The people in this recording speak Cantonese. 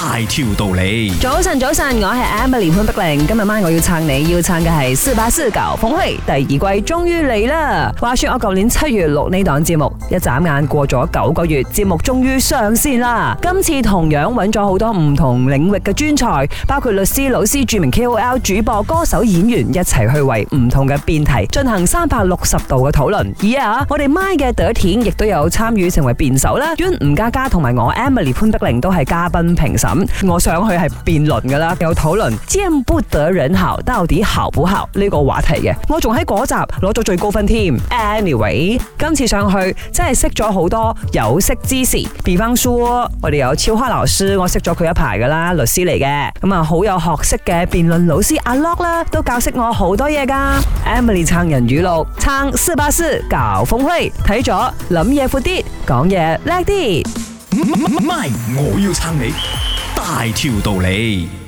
大條道理，早晨早晨，我係 Emily 潘碧玲，今日晚我要撐你，要撐嘅係《484搞瘋會》第二季終於嚟啦！話說我舊年七月錄呢檔節目，一眨眼過咗九個月，節目終於上線啦！今次同樣揾咗好多唔同領域嘅專才，包括律師,律師、老師、著名 KOL、主播、歌手、演員一齊去為唔同嘅辯題進行三百六十度嘅討論。而啊，我哋 MY 嘅 Dottie 亦都有參與成為辯手啦。跟吳家家同埋我 Emily 潘碧玲都係嘉賓評審。咁我上去係辯論噶啦，有討論見不得人好到底好唔好呢個話題嘅。我仲喺嗰集攞咗最高分添。Anyway，今次上去真係識咗好多有識之士。比方說，我哋有超克老師，我識咗佢一排噶啦，律師嚟嘅。咁啊，好有學識嘅辯論老師阿 Lex 啦，都教識我好多嘢噶。Emily 撐人語錄，撐484搞瘋會，睇咗諗嘢闊啲，講嘢叻啲。My，我要撐你。大條道理。